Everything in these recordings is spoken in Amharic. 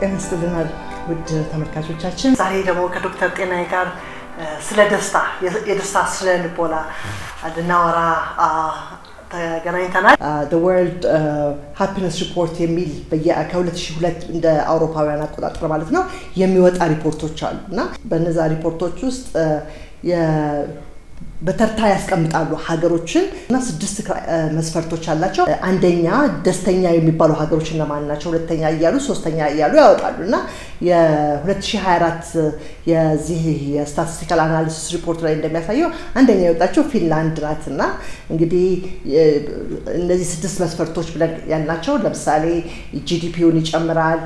ጤና ይስጥልናል ውድ ተመልካቾቻችን። ዛሬ ደግሞ ከዶክተር ጤናዬ ጋር ስለ ደስታ የደስታ ስለ ልቦና ልናወራ ተገናኝተናል። ወርልድ ሃፒነስ ሪፖርት የሚል ከ2002 እንደ አውሮፓውያን አቆጣጠር ማለት ነው የሚወጣ ሪፖርቶች አሉ እና በነዛ ሪፖርቶች ውስጥ በተርታ ያስቀምጣሉ ሀገሮችን እና ስድስት መስፈርቶች አላቸው። አንደኛ ደስተኛ የሚባሉ ሀገሮች እነማን ናቸው? ሁለተኛ እያሉ ሶስተኛ እያሉ ያወጣሉ እና የ2024 የዚህ የስታቲስቲካል አናሊሲስ ሪፖርት ላይ እንደሚያሳየው አንደኛ የወጣቸው ፊንላንድ ናት እና እንግዲህ እነዚህ ስድስት መስፈርቶች ብለን ያልናቸው ለምሳሌ ጂዲፒውን ይጨምራል፣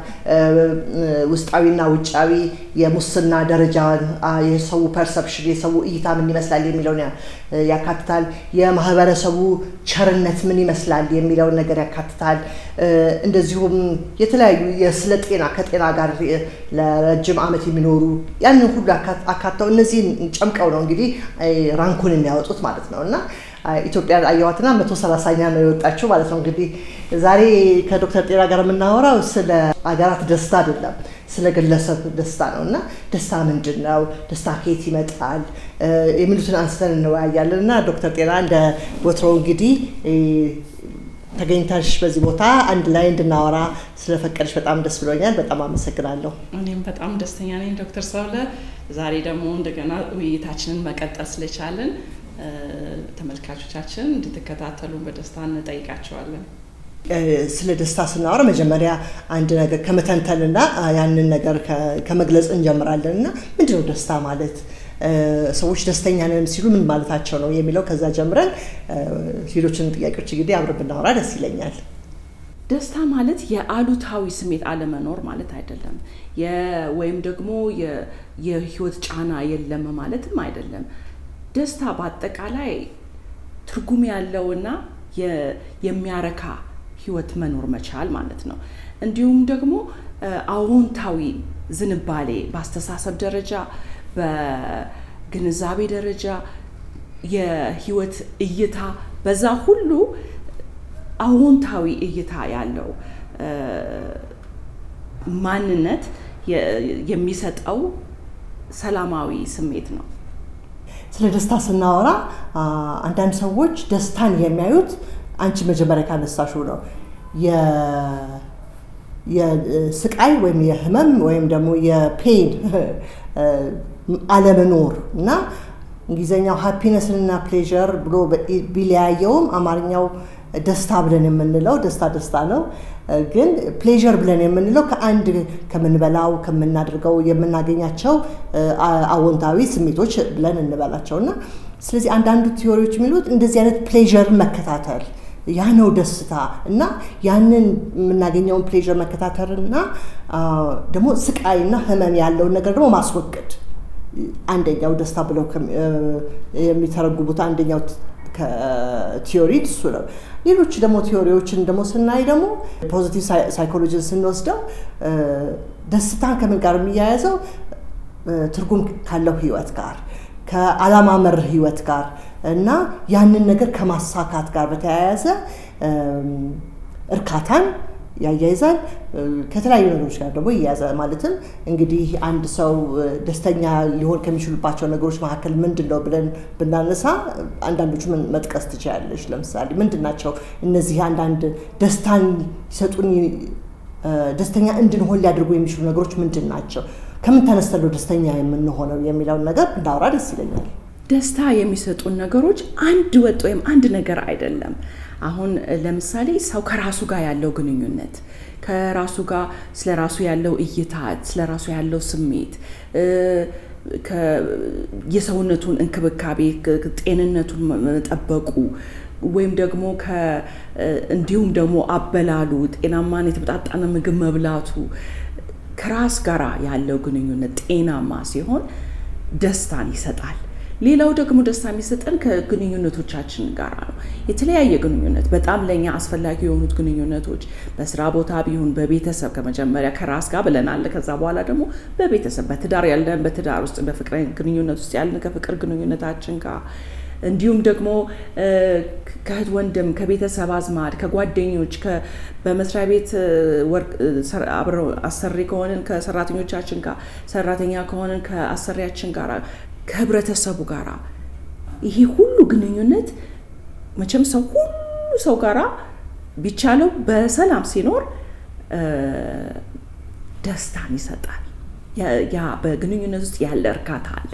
ውስጣዊና ውጫዊ የሙስና ደረጃ፣ የሰው ፐርሰፕሽን፣ የሰው እይታ ምን ይመስላል የሚለውን ያካትታል። የማህበረሰቡ ቸርነት ምን ይመስላል የሚለውን ነገር ያካትታል። እንደዚሁም የተለያዩ ስለ ጤና ከጤና ጋር ለረጅም ዓመት የሚኖሩ ያንን ሁሉ አካተው እነዚህን ጨምቀው ነው እንግዲህ ራንኩን የሚያወጡት ማለት ነው እና ኢትዮጵያ አየዋትና መቶ ሰላሳኛ ነው የወጣችው ማለት ነው። እንግዲህ ዛሬ ከዶክተር ጤና ጋር የምናወራው ስለ አገራት ደስታ አይደለም። ስለ ግለሰብ ደስታ ነው እና ደስታ ምንድን ነው? ደስታ ከየት ይመጣል? የሚሉትን አንስተን እንወያያለን እና ዶክተር ጤና እንደ ወትሮው እንግዲህ ተገኝታሽ በዚህ ቦታ አንድ ላይ እንድናወራ ስለፈቀደች በጣም ደስ ብሎኛል። በጣም አመሰግናለሁ። እኔም በጣም ደስተኛ ነኝ ዶክተር ሰውለ ዛሬ ደግሞ እንደገና ውይይታችንን መቀጠል ስለቻልን ተመልካቾቻችን እንድትከታተሉን በደስታ እንጠይቃቸዋለን። ስለ ደስታ ስናወራ መጀመሪያ አንድ ነገር ከመተንተንና ያንን ነገር ከመግለጽ እንጀምራለን እና ምንድነው ደስታ ማለት ሰዎች ደስተኛ ነን ሲሉ ምን ማለታቸው ነው የሚለው ከዛ ጀምረን ሌሎችን ጥያቄዎች እንግዲህ አብረን ብናወራ ደስ ይለኛል። ደስታ ማለት የአሉታዊ ስሜት አለመኖር ማለት አይደለም፣ ወይም ደግሞ የህይወት ጫና የለም ማለትም አይደለም። ደስታ በአጠቃላይ ትርጉም ያለውና የሚያረካ ህይወት መኖር መቻል ማለት ነው። እንዲሁም ደግሞ አዎንታዊ ዝንባሌ በአስተሳሰብ ደረጃ፣ በግንዛቤ ደረጃ፣ የህይወት እይታ በዛ ሁሉ አዎንታዊ እይታ ያለው ማንነት የሚሰጠው ሰላማዊ ስሜት ነው። ስለ ደስታ ስናወራ አንዳንድ ሰዎች ደስታን የሚያዩት አንቺ መጀመሪያ ካነሳሽው ነው የስቃይ ወይም የህመም ወይም ደግሞ የፔን አለመኖር እና እንግሊዝኛው ሃፒነስንና ፕሌዥር ብሎ ቢለያየውም አማርኛው ደስታ ብለን የምንለው ደስታ ደስታ ነው። ግን ፕሌዥር ብለን የምንለው ከአንድ ከምንበላው ከምናደርገው የምናገኛቸው አዎንታዊ ስሜቶች ብለን እንበላቸው እና ስለዚህ አንዳንዱ ቲዎሪዎች የሚሉት እንደዚህ አይነት ፕሌዥር መከታተል ያ ነው ደስታ እና ያንን የምናገኘውን ፕሌዥር መከታተልና ደግሞ ስቃይና ህመም ያለውን ነገር ደግሞ ማስወገድ አንደኛው ደስታ ብለው የሚተረጉሙት አንደኛው ቲዮሪ እሱ ነው። ሌሎች ደግሞ ቲዮሪዎችን ደግሞ ስናይ ደግሞ ፖዚቲቭ ሳይኮሎጂን ስንወስደው ደስታን ከምን ጋር የሚያያዘው ትርጉም ካለው ህይወት ጋር ከአላማ መር ህይወት ጋር እና ያንን ነገር ከማሳካት ጋር በተያያዘ እርካታን ያያይዛል ከተለያዩ ነገሮች ጋር ደግሞ እያያዘ ማለትም እንግዲህ አንድ ሰው ደስተኛ ሊሆን ከሚችሉባቸው ነገሮች መካከል ምንድን ነው ብለን ብናነሳ አንዳንዶቹ መጥቀስ ትችላለች። ለምሳሌ ምንድን ናቸው እነዚህ አንዳንድ ደስታን ይሰጡን ደስተኛ እንድንሆን ሊያደርጉ የሚችሉ ነገሮች ምንድን ናቸው? ከምን ተነስተን ደስተኛ የምንሆነው የሚለውን ነገር እንዳውራ ደስ ይለኛል። ደስታ የሚሰጡን ነገሮች አንድ ወጥ ወይም አንድ ነገር አይደለም። አሁን ለምሳሌ ሰው ከራሱ ጋር ያለው ግንኙነት ከራሱ ጋር ስለ ራሱ ያለው እይታ፣ ስለ ራሱ ያለው ስሜት፣ የሰውነቱን እንክብካቤ፣ ጤንነቱን መጠበቁ ወይም ደግሞ እንዲሁም ደግሞ አበላሉ፣ ጤናማን የተመጣጠነ ምግብ መብላቱ ከራስ ጋር ያለው ግንኙነት ጤናማ ሲሆን ደስታን ይሰጣል። ሌላው ደግሞ ደስታ የሚሰጠን ከግንኙነቶቻችን ጋር ነው። የተለያየ ግንኙነት በጣም ለእኛ አስፈላጊ የሆኑት ግንኙነቶች በስራ ቦታ ቢሆን በቤተሰብ ከመጀመሪያ ከራስ ጋር ብለናል። ከዛ በኋላ ደግሞ በቤተሰብ በትዳር ያለን በትዳር ውስጥ በፍቅር ግንኙነት ውስጥ ያለን ከፍቅር ግንኙነታችን ጋር እንዲሁም ደግሞ ከእህት ወንድም፣ ከቤተሰብ አዝማድ፣ ከጓደኞች፣ በመስሪያ ቤት አብረው አሰሪ ከሆንን ከሰራተኞቻችን ጋር፣ ሰራተኛ ከሆንን ከአሰሪያችን ጋር፣ ከህብረተሰቡ ጋር ይሄ ሁሉ ግንኙነት መቼም ሰው ሁሉ ሰው ጋር ቢቻለው በሰላም ሲኖር ደስታን ይሰጣል። ያ በግንኙነት ውስጥ ያለ እርካታ አለ።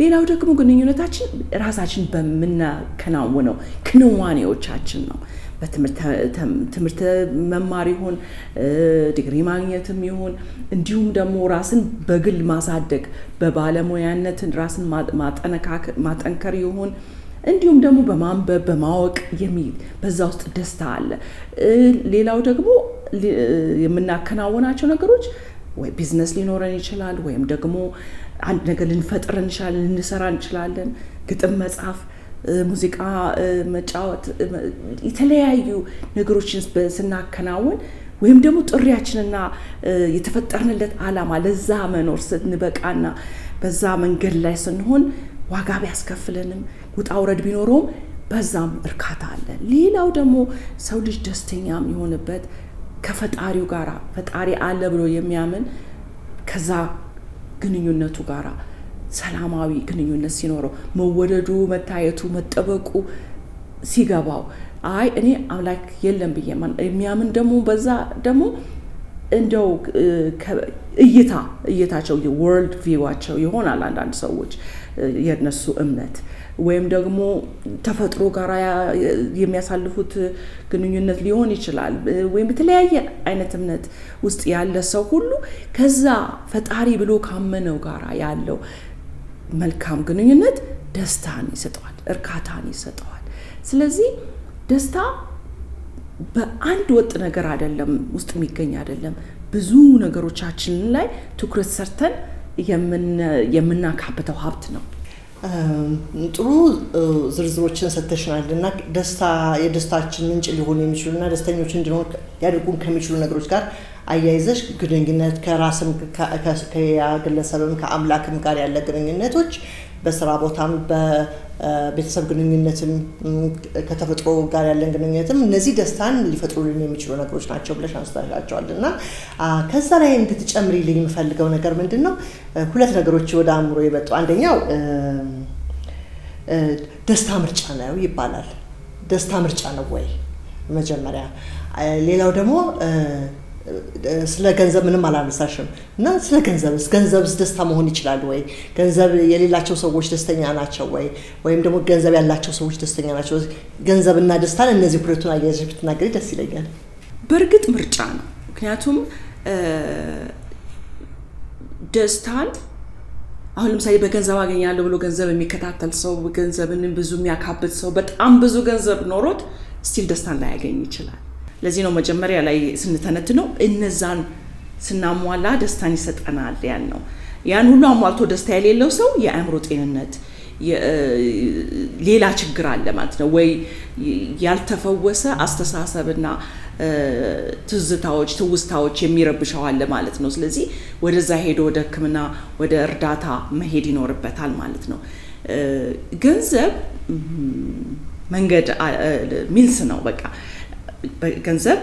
ሌላው ደግሞ ግንኙነታችን ራሳችን በምናከናውነው ክንዋኔዎቻችን ነው። በትምህርት መማር ይሁን ዲግሪ ማግኘትም ይሁን እንዲሁም ደግሞ ራስን በግል ማሳደግ በባለሙያነትን ራስን ማጠንከር ይሁን እንዲሁም ደግሞ በማንበብ በማወቅ የሚል በዛ ውስጥ ደስታ አለ። ሌላው ደግሞ የምናከናውናቸው ነገሮች ወይ ቢዝነስ ሊኖረን ይችላል፣ ወይም ደግሞ አንድ ነገር ልንፈጥር እንችላለን፣ ልንሰራ እንችላለን። ግጥም መጻፍ ሙዚቃ መጫወት፣ የተለያዩ ነገሮችን ስናከናውን ወይም ደግሞ ጥሪያችንና የተፈጠርንለት ዓላማ ለዛ መኖር ስንበቃና በዛ መንገድ ላይ ስንሆን ዋጋ ቢያስከፍለንም ውጣ ውረድ ቢኖረውም በዛም እርካታ አለ። ሌላው ደግሞ ሰው ልጅ ደስተኛ የሚሆንበት ከፈጣሪው ጋራ ፈጣሪ አለ ብሎ የሚያምን ከዛ ግንኙነቱ ጋራ ሰላማዊ ግንኙነት ሲኖረው መወደዱ፣ መታየቱ፣ መጠበቁ ሲገባው አይ እኔ አምላክ የለም ብዬ የሚያምን ደግሞ በዛ ደግሞ እንደው እይታ እይታቸው ወርልድ ቪዋቸው ይሆናል። አንዳንድ ሰዎች የነሱ እምነት ወይም ደግሞ ተፈጥሮ ጋር የሚያሳልፉት ግንኙነት ሊሆን ይችላል። ወይም የተለያየ አይነት እምነት ውስጥ ያለ ሰው ሁሉ ከዛ ፈጣሪ ብሎ ካመነው ጋራ ያለው መልካም ግንኙነት ደስታን ይሰጠዋል፣ እርካታን ይሰጠዋል። ስለዚህ ደስታ በአንድ ወጥ ነገር አይደለም፣ ውስጥ የሚገኝ አይደለም። ብዙ ነገሮቻችን ላይ ትኩረት ሰርተን የምናካብተው ሀብት ነው። ጥሩ ዝርዝሮችን ሰተሽናል እና ደስታ የደስታችን ምንጭ ሊሆኑ የሚችሉ እና ደስተኞች እንዲሆን ሊያደርጉን ከሚችሉ ነገሮች ጋር አያይዘሽ ግንኙነት ከራስም ከግለሰብም ከአምላክም ጋር ያለ ግንኙነቶች በስራ ቦታም በቤተሰብ ግንኙነትም ከተፈጥሮ ጋር ያለን ግንኙነትም እነዚህ ደስታን ሊፈጥሩልን የሚችሉ ነገሮች ናቸው ብለሽ አንስታላቸዋል እና ከዛ ላይ እንድትጨምሪልኝ የምፈልገው ነገር ምንድን ነው? ሁለት ነገሮች ወደ አእምሮ የመጡ አንደኛው ደስታ ምርጫ ነው ይባላል። ደስታ ምርጫ ነው ወይ መጀመሪያ ሌላው ደግሞ ስለ ገንዘብ ምንም አላነሳሽም እና ስለ ገንዘብስ ገንዘብስ ደስታ መሆን ይችላል ወይ? ገንዘብ የሌላቸው ሰዎች ደስተኛ ናቸው ወይ? ወይም ደግሞ ገንዘብ ያላቸው ሰዎች ደስተኛ ናቸው? ገንዘብና ደስታን እነዚህ ሁለቱን አያይዘሽ ብትናገሪ ደስ ይለኛል። በእርግጥ ምርጫ ነው። ምክንያቱም ደስታን አሁን ለምሳሌ በገንዘብ አገኛለሁ ብሎ ገንዘብ የሚከታተል ሰው፣ ገንዘብን ብዙ የሚያካብት ሰው በጣም ብዙ ገንዘብ ኖሮት ስቲል ደስታን ላያገኝ ይችላል። ለዚህ ነው መጀመሪያ ላይ ስንተነትነው እነዛን ስናሟላ ደስታን ይሰጠናል ያን ነው። ያን ሁሉ አሟልቶ ደስታ የሌለው ሰው የአእምሮ ጤንነት ሌላ ችግር አለ ማለት ነው። ወይ ያልተፈወሰ አስተሳሰብና ትዝታዎች፣ ትውስታዎች የሚረብሸው ማለት ነው። ስለዚህ ወደዛ ሄዶ ወደ ህክምና ወደ እርዳታ መሄድ ይኖርበታል ማለት ነው። ገንዘብ መንገድ ሚልስ ነው በቃ ገንዘብ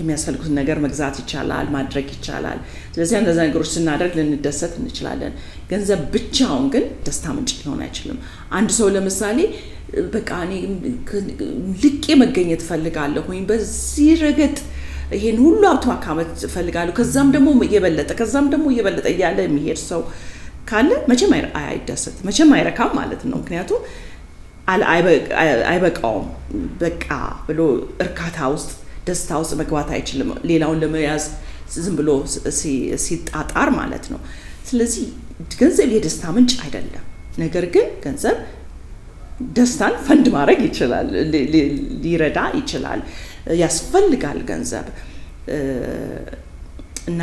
የሚያስፈልጉትን ነገር መግዛት ይቻላል፣ ማድረግ ይቻላል። ስለዚህ እንደዚ ነገሮች ስናደርግ ልንደሰት እንችላለን። ገንዘብ ብቻውን ግን ደስታ ምንጭ ሊሆን አይችልም። አንድ ሰው ለምሳሌ በቃ እኔ ልቄ መገኘት እፈልጋለሁ ወይም በዚህ ረገጥ ይሄን ሁሉ ሀብት ማካበት እፈልጋለሁ፣ ከዛም ደግሞ እየበለጠ ከዛም ደግሞ እየበለጠ እያለ የሚሄድ ሰው ካለ መቼም አይደሰት መቼም አይረካም ማለት ነው። ምክንያቱም አይበቃውም በቃ ብሎ እርካታ ውስጥ ደስታ ውስጥ መግባት አይችልም። ሌላውን ለመያዝ ዝም ብሎ ሲጣጣር ማለት ነው። ስለዚህ ገንዘብ የደስታ ምንጭ አይደለም። ነገር ግን ገንዘብ ደስታን ፈንድ ማድረግ ይችላል፣ ሊረዳ ይችላል። ያስፈልጋል ገንዘብ እና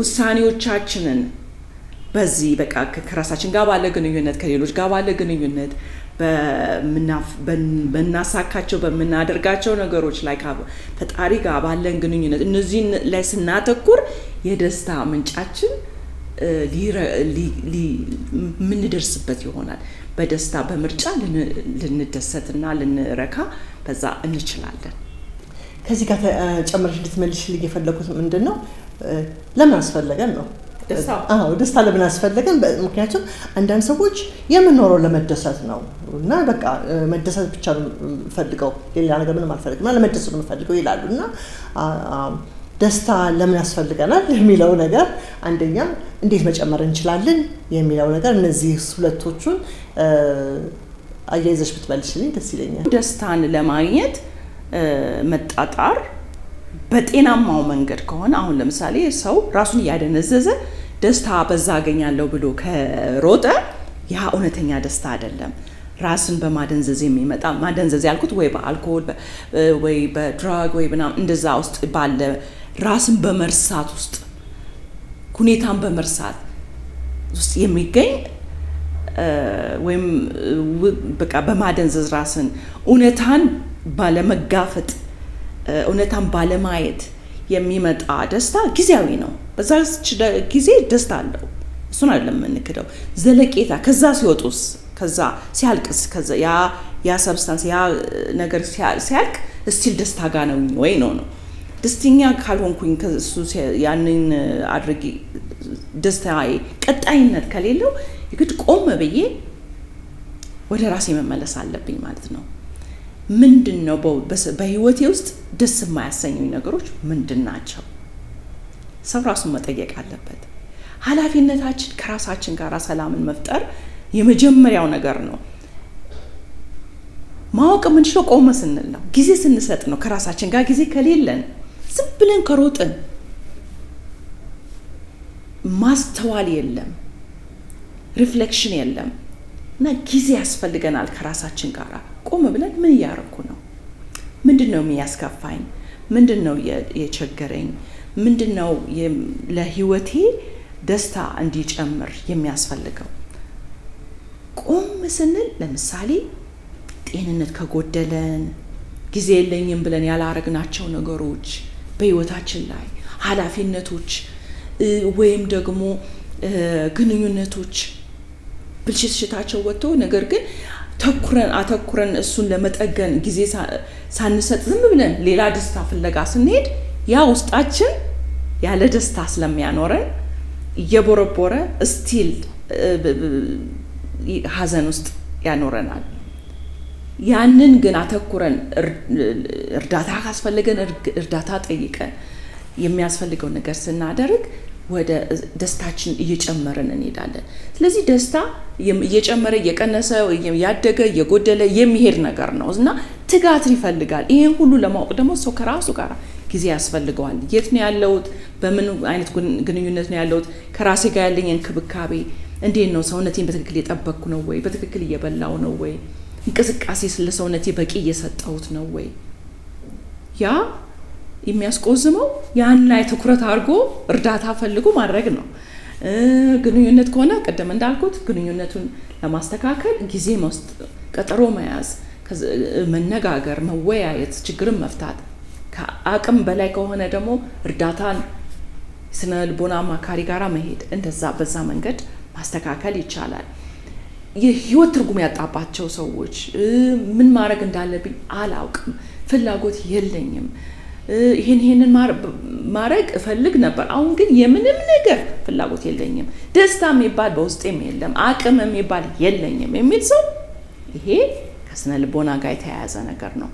ውሳኔዎቻችንን በዚህ በቃ ከራሳችን ጋር ባለ ግንኙነት ከሌሎች ጋር ባለ ግንኙነት በምናሳካቸው በምናደርጋቸው ነገሮች ላይ ፈጣሪ ጋር ባለን ግንኙነት እነዚህን ላይ ስናተኩር የደስታ ምንጫችን የምንደርስበት ይሆናል። በደስታ በምርጫ ልንደሰትና ልንረካ በዛ እንችላለን። ከዚህ ጋር ጨምረሽ እንድትመልሽልኝ የፈለኩት ምንድን ነው፣ ለምን አስፈለገን ነው አዎ ደስታ ለምን አስፈለገን? ምክንያቱም አንዳንድ ሰዎች የምንኖረው ለመደሰት ነው እና በቃ መደሰት ብቻ ነው የምፈልገው ሌላ ነገር ምንም አልፈልግም እና ለመደሰት ነው የምፈልገው ይላሉ እና ደስታ ለምን ያስፈልገናል የሚለው ነገር አንደኛ እንዴት መጨመር እንችላለን የሚለው ነገር እነዚህ ሁለቶቹን አያይዘሽ ብትመልሽልኝ ደስ ይለኛል። ደስታን ለማግኘት መጣጣር በጤናማው መንገድ ከሆነ አሁን ለምሳሌ ሰው ራሱን እያደነዘዘ ደስታ በዛ አገኛለሁ ብሎ ከሮጠ ያ እውነተኛ ደስታ አይደለም። ራስን በማደንዘዝ የሚመጣ ማደንዘዝ ያልኩት ወይ በአልኮል ወይ በድራግ ወይ ምናምን እንደዛ ውስጥ ባለ ራስን በመርሳት ውስጥ ሁኔታን በመርሳት ውስጥ የሚገኝ ወይም በቃ በማደንዘዝ ራስን እውነታን ባለመጋፈጥ እውነታን ባለማየት የሚመጣ ደስታ ጊዜያዊ ነው። በዛ ጊዜ ደስታ አለው፣ እሱን አይደለም የምንክደው። ዘለቄታ ከዛ ሲወጡስ ከዛ ሲያልቅስ ያ ሰብስታንስ ያ ነገር ሲያልቅ እስቲል ደስታ ጋ ነው ወይ ነው ነው ደስተኛ ካልሆንኩኝ ከሱ ያንን አድርጊ ደስታ ቀጣይነት ከሌለው የግድ ቆም ብዬ ወደ ራሴ መመለስ አለብኝ ማለት ነው። ምንድን ነው በህይወቴ ውስጥ ደስ የማያሰኙኝ ነገሮች ምንድን ናቸው? ሰው ራሱን መጠየቅ አለበት። ኃላፊነታችን ከራሳችን ጋር ሰላምን መፍጠር የመጀመሪያው ነገር ነው። ማወቅ የምንችለው ቆመ ስንል ነው፣ ጊዜ ስንሰጥ ነው። ከራሳችን ጋር ጊዜ ከሌለን ዝም ብለን ከሮጥን ማስተዋል የለም፣ ሪፍሌክሽን የለም እና ጊዜ ያስፈልገናል ከራሳችን ጋር ቆም ብለን ምን እያረኩ ነው? ምንድን ነው የሚያስከፋኝ? ምንድን ነው የቸገረኝ? ምንድን ነው ለህይወቴ ደስታ እንዲጨምር የሚያስፈልገው? ቆም ስንል ለምሳሌ ጤንነት ከጎደለን፣ ጊዜ የለኝም ብለን ያላረግናቸው ነገሮች በህይወታችን ላይ ኃላፊነቶች ወይም ደግሞ ግንኙነቶች ብልሽትሽታቸው ወጥቶ ነገር ግን ተኩረን አተኩረን እሱን ለመጠገን ጊዜ ሳንሰጥ ዝም ብለን ሌላ ደስታ ፍለጋ ስንሄድ ያ ውስጣችን ያለ ደስታ ስለሚያኖረን እየቦረቦረ ስቲል ሀዘን ውስጥ ያኖረናል። ያንን ግን አተኩረን እርዳታ ካስፈለገን እርዳታ ጠይቀን የሚያስፈልገው ነገር ስናደርግ ወደ ደስታችን እየጨመረን እንሄዳለን። ስለዚህ ደስታ እየጨመረ እየቀነሰ ያደገ እየጎደለ የሚሄድ ነገር ነው እና ትጋትን ይፈልጋል። ይህን ሁሉ ለማወቅ ደግሞ ሰው ከራሱ ጋር ጊዜ ያስፈልገዋል። የት ነው ያለሁት? በምን አይነት ግንኙነት ነው ያለሁት? ከራሴ ጋር ያለኝ እንክብካቤ እንዴት ነው? ሰውነቴን በትክክል የጠበቅኩ ነው ወይ? በትክክል እየበላው ነው ወይ? እንቅስቃሴ ስለ ሰውነቴ በቂ እየሰጠሁት ነው ወይ? ያ የሚያስቆዝመው ያን ላይ ትኩረት አድርጎ እርዳታ ፈልጎ ማድረግ ነው። ግንኙነት ከሆነ ቅድም እንዳልኩት ግንኙነቱን ለማስተካከል ጊዜ መስጥ፣ ቀጠሮ መያዝ፣ መነጋገር፣ መወያየት፣ ችግርን መፍታት። ከአቅም በላይ ከሆነ ደግሞ እርዳታን ስነ ልቦና አማካሪ ጋር መሄድ፣ እንደዛ በዛ መንገድ ማስተካከል ይቻላል። የህይወት ትርጉም ያጣባቸው ሰዎች ምን ማድረግ እንዳለብኝ አላውቅም፣ ፍላጎት የለኝም ይሄን ይሄንን ማድረግ እፈልግ ነበር። አሁን ግን የምንም ነገር ፍላጎት የለኝም። ደስታ የሚባል በውስጤም የለም፣ አቅም የሚባል የለኝም የሚል ሰው ይሄ ከስነ ልቦና ጋር የተያያዘ ነገር ነው፣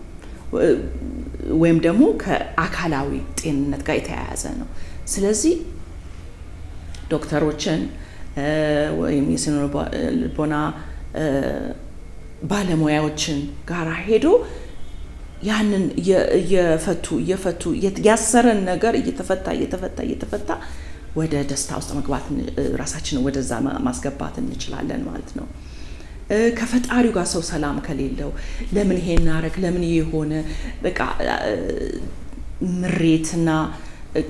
ወይም ደግሞ ከአካላዊ ጤንነት ጋር የተያያዘ ነው። ስለዚህ ዶክተሮችን ወይም የስነ ልቦና ባለሙያዎችን ጋር ሄዶ ያንን እየፈቱ እየፈቱ ያሰረን ነገር እየተፈታ እየተፈታ እየተፈታ ወደ ደስታ ውስጥ መግባት ራሳችንን ወደዛ ማስገባት እንችላለን ማለት ነው። ከፈጣሪው ጋር ሰው ሰላም ከሌለው ለምን ይሄ እናረግ ለምን የሆነ በቃ ምሬትና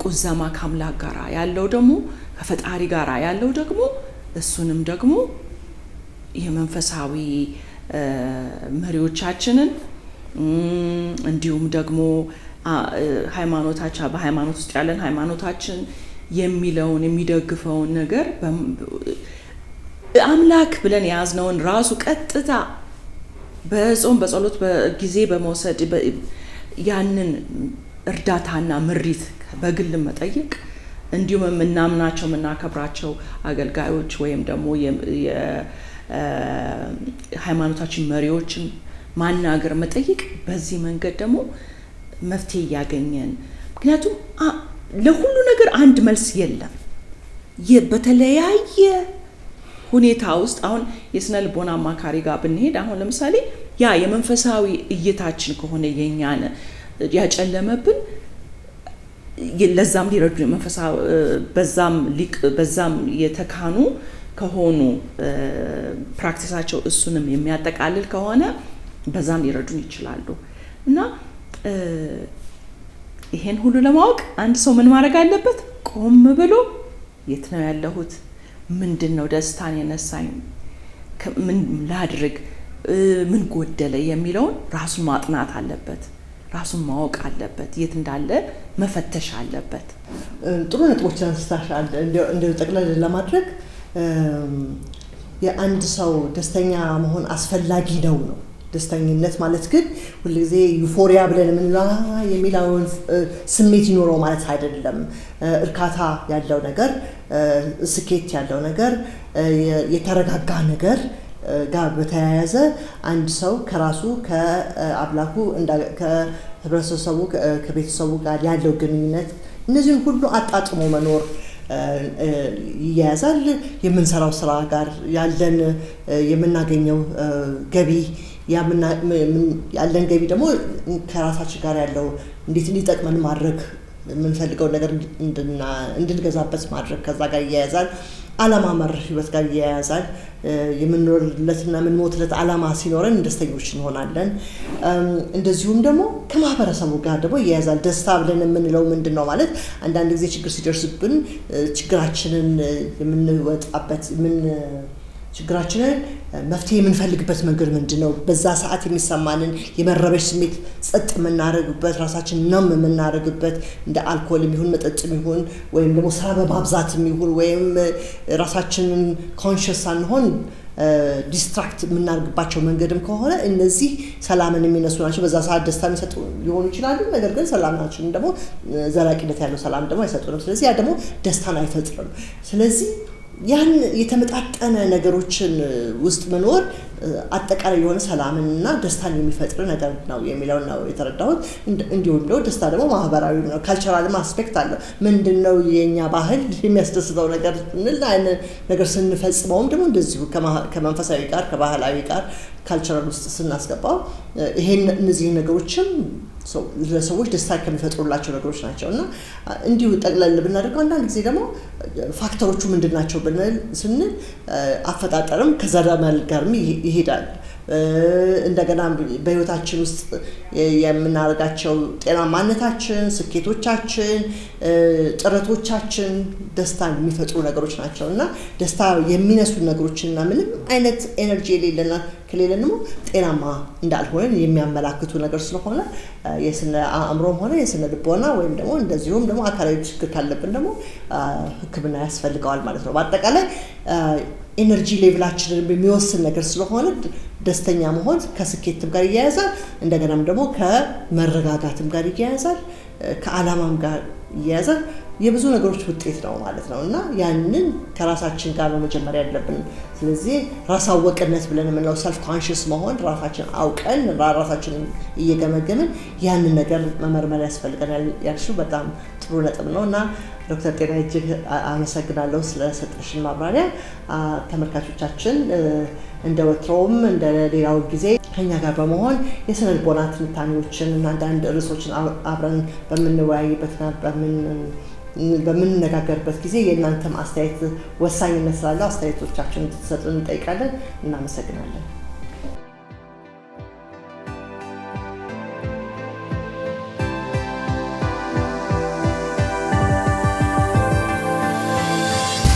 ቁዘማ ከአምላክ ጋር ያለው ደግሞ ከፈጣሪ ጋር ያለው ደግሞ እሱንም ደግሞ የመንፈሳዊ መሪዎቻችንን እንዲሁም ደግሞ ሃይማኖታችን በሃይማኖት ውስጥ ያለን ሃይማኖታችን የሚለውን የሚደግፈውን ነገር አምላክ ብለን የያዝነውን ራሱ ቀጥታ በጾም በጸሎት ጊዜ በመውሰድ ያንን እርዳታና ምሪት በግል መጠየቅ እንዲሁም የምናምናቸው የምናከብራቸው አገልጋዮች ወይም ደግሞ የሃይማኖታችን መሪዎችን ማናገር፣ መጠየቅ በዚህ መንገድ ደግሞ መፍትሄ እያገኘን ምክንያቱም ለሁሉ ነገር አንድ መልስ የለም። በተለያየ ሁኔታ ውስጥ አሁን የስነ ልቦና አማካሪ ጋር ብንሄድ አሁን ለምሳሌ ያ የመንፈሳዊ እይታችን ከሆነ የኛን ያጨለመብን ለዛም ሊረዱ በዛም የተካኑ ከሆኑ ፕራክቲሳቸው እሱንም የሚያጠቃልል ከሆነ በዛም ሊረዱን ይችላሉ እና ይሄን ሁሉ ለማወቅ አንድ ሰው ምን ማድረግ አለበት? ቆም ብሎ የት ነው ያለሁት? ምንድን ነው ደስታን የነሳኝ? ምን ላድርግ? ምን ጎደለ? የሚለውን ራሱን ማጥናት አለበት። ራሱን ማወቅ አለበት። የት እንዳለ መፈተሽ አለበት። ጥሩ ነጥቦች አንስታሻል። እንደው ጠቅለል ለማድረግ የአንድ ሰው ደስተኛ መሆን አስፈላጊ ነው ነው ደስተኝነት ማለት ግን ሁልጊዜ ዩፎሪያ ብለን የምንላ የሚለውን ስሜት ይኖረው ማለት አይደለም። እርካታ ያለው ነገር፣ ስኬት ያለው ነገር፣ የተረጋጋ ነገር ጋር በተያያዘ አንድ ሰው ከራሱ ከአምላኩ ከህብረተሰቡ፣ ከቤተሰቡ ጋር ያለው ግንኙነት እነዚህን ሁሉ አጣጥሞ መኖር ይያያዛል። የምንሰራው ስራ ጋር ያለን የምናገኘው ገቢ ያለን ገቢ ደግሞ ከራሳችን ጋር ያለው እንዴት እንዲጠቅመን ማድረግ የምንፈልገው ነገር እንድንገዛበት ማድረግ ከዛ ጋር እያያዛል። አላማ መር ህይወት ጋር እያያዛል። የምንኖርለትና የምንሞትለት አላማ ሲኖረን ደስተኞች እንሆናለን። እንደዚሁም ደግሞ ከማህበረሰቡ ጋር ደግሞ እያያዛል። ደስታ ብለን የምንለው ምንድን ነው ማለት አንዳንድ ጊዜ ችግር ሲደርስብን ችግራችንን የምንወጣበት ችግራችንን መፍትሄ የምንፈልግበት መንገድ ምንድን ነው? በዛ ሰዓት የሚሰማንን የመረበሽ ስሜት ጸጥ የምናደርግበት ራሳችን ነም የምናደርግበት እንደ አልኮል የሚሆን መጠጥ የሚሆን ወይም ደግሞ ስራ በማብዛት የሚሆን ወይም ራሳችንን ኮንሽስ ሳንሆን ዲስትራክት የምናደርግባቸው መንገድም ከሆነ እነዚህ ሰላምን የሚነሱ ናቸው። በዛ ሰዓት ደስታ የሚሰጡ ሊሆኑ ይችላሉ። ነገር ግን ሰላማችንን ደግሞ ዘላቂነት ያለው ሰላም ደግሞ አይሰጡንም። ስለዚህ ያ ደግሞ ደስታን አይፈጥርም። ስለዚህ ያን የተመጣጠነ ነገሮችን ውስጥ መኖር አጠቃላይ የሆነ ሰላምንና ደስታን የሚፈጥር ነገር ነው የሚለውን ነው የተረዳሁት። እንዲሁም ደግሞ ደስታ ደግሞ ማህበራዊ ነው፣ ካልቸራልም አስፔክት አለው። ምንድን ነው የኛ ባህል የሚያስደስተው ነገር ስንል ነገር ስንፈጽመውም ደግሞ እንደዚሁ ከመንፈሳዊ ጋር ከባህላዊ ጋር ካልቸራል ውስጥ ስናስገባው ይሄን እነዚህ ነገሮችም ለሰዎች ደስታ ከሚፈጥሩላቸው ነገሮች ናቸው እና እንዲሁ ጠቅለል ብናደርገው አንዳንድ ጊዜ ደግሞ ፋክተሮቹ ምንድን ናቸው ብንል ስንል አፈጣጠርም ከዘረመል ጋርም ይሄዳል። እንደገና በህይወታችን ውስጥ የምናደርጋቸው ጤና ማነታችን፣ ስኬቶቻችን፣ ጥረቶቻችን ደስታ የሚፈጥሩ ነገሮች ናቸው እና ደስታ የሚነሱ ነገሮችና ምንም አይነት ኤነርጂ የሌለና ከሌለን ጤናማ እንዳልሆነን የሚያመላክቱ ነገር ስለሆነ የስነ አእምሮም ሆነ የስነ ልቦና ወይም ደግሞ እንደዚሁም ደግሞ አካላዊ ችግር ካለብን ደግሞ ሕክምና ያስፈልገዋል ማለት ነው። በአጠቃላይ ኤነርጂ ሌቭላችንን የሚወስን ነገር ስለሆነ ደስተኛ መሆን ከስኬትም ጋር እያያዛል፣ እንደገናም ደግሞ ከመረጋጋትም ጋር እያያዛል፣ ከዓላማም ጋር እየያዘ የብዙ ነገሮች ውጤት ነው ማለት ነው እና ያንን ከራሳችን ጋር መጀመር ያለብን። ስለዚህ ራስ አወቅነት ብለን የምንለው ሰልፍ ኮንሽስ መሆን ራሳችን አውቀን ራሳችንን እየገመገምን ያንን ነገር መመርመር ያስፈልገናል። ያልሽው በጣም ጥሩ ነጥብ ነው እና ዶክተር ጤና እጅግ አመሰግናለሁ ስለሰጠሽን ማብራሪያ። ተመልካቾቻችን እንደ ወትሮውም እንደ ሌላው ጊዜ ከኛ ጋር በመሆን የሰነድ ልቦና ትንታኔዎችን እና አንዳንድ ርዕሶችን አብረን በምንወያይበትና በምንነጋገርበት ጊዜ የእናንተም አስተያየት ወሳኝነት ስላለው አስተያየቶቻችን እንድትሰጡ እንጠይቃለን። እናመሰግናለን።